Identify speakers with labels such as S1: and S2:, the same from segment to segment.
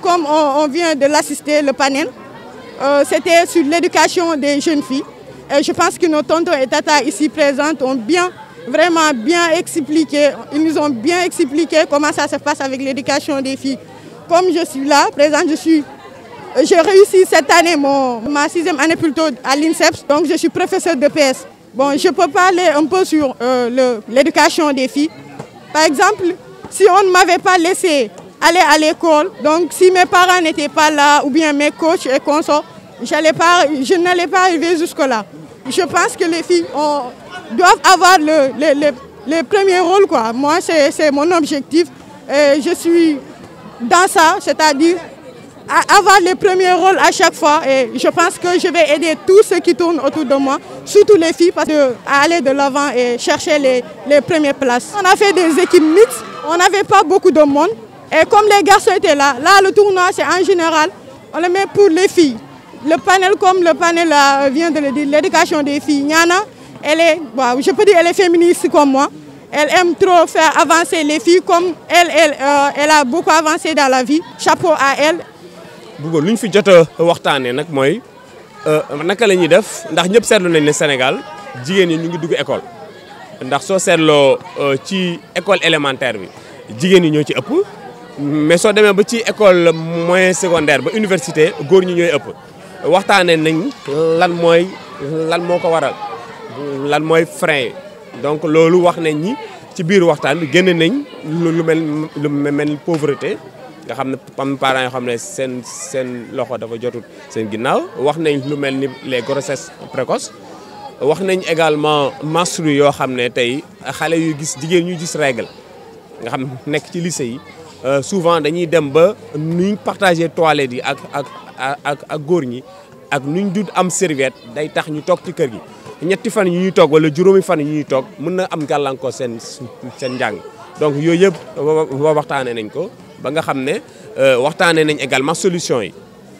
S1: Comme, on, vient de l'assister, le panel, euh, c'était sur l'éducation des jeunes filles. Et je pense que nos tontons et tata ici présentes ont bien, vraiment bien expliqué, ils nous ont bien expliqué comment ça se passe avec l'éducation des filles. Comme je suis là, présente, je suis j'ai réussi cette année mon, ma sixième année plutôt à l'INSEP, donc je suis professeur de PS. Bon, je peux parler un peu sur euh, l'éducation des filles. Par exemple, si on ne m'avait pas laissé aller à l'école. Donc si mes parents n'étaient pas là, ou bien mes coachs et consorts, pas, je n'allais pas arriver jusque-là. Je pense que les filles doivent avoir le, le, le, premier rôle. Quoi. Moi, c'est mon objectif. je suis dans ça, c'est-à-dire avoir le premier rôle à chaque fois. Et je pense que je vais aider tous ceux qui tournent autour de moi, surtout les filles, parce que, à aller de l'avant et chercher les, les premières places. On a fait des équipes mixtes. On n'avait pas beaucoup de monde. Et comme les garçons étaient là, là le tournoi c'est en général, on le met pour les filles. Le panel, comme le panel là, vient de le dire, l'éducation des filles, Nyana, elle est, je peux dire elle est féministe comme moi. Elle aime trop faire avancer les filles comme elle, elle, euh, elle a beaucoup avancé dans la vie. Chapeau à elle.
S2: Bouba, ce que nous avons dit, naka la ñuy def ndax ñëpp seetlu nañ ne Sénégal jigéen ñi ñu ngi dugg école ndax soo seetloo euh, ci école élémentaire bi jigéen ñi ñoo ci ëpp mais soo demee ba ci école moyen secondaire ba université góor ñi ñooy ëpp waxtaanee nañ lan mooy lan moo ko waral lan mooy frein donc loolu wax nañ ñi ci biir waxtaan bi génne nañ lu mel lu mel pauvreté nga xam ne am parents yoo xam ne seen seen loxo dafa jotul seen ginnaaw wax nañ lu mel ni les grossesses précoce wax nañ également menstrues yoo xam ne tey xale yu gis jigéen ñu gis règle nga xam nekk ci lycée yi Euh, souvent dañuy dem ba nuñ partager toilette yi ak ak ak ak góor ñi ak nuñ dud am serviette day tax ñu tok ci kër gi ñetti fan yi ñuy tok wala juroomi fan yi ñuy tok mëna am galanko sen sen jang donc yooyu yëpp waxtaanee nañ ko ba nga xamné ne euh, nañ également solution yi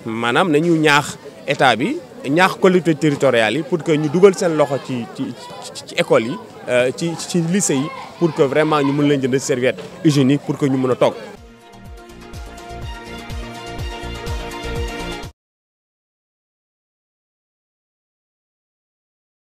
S2: manam nañu ñaax état bi ñaax collectivités territoriales yi pour que ñu dugal seen loxo ci ci ci école yi euh, ci ci lycée yi pour que vraiment ñu mën leen jënd serviette hygiénique pour que ñu mun a toog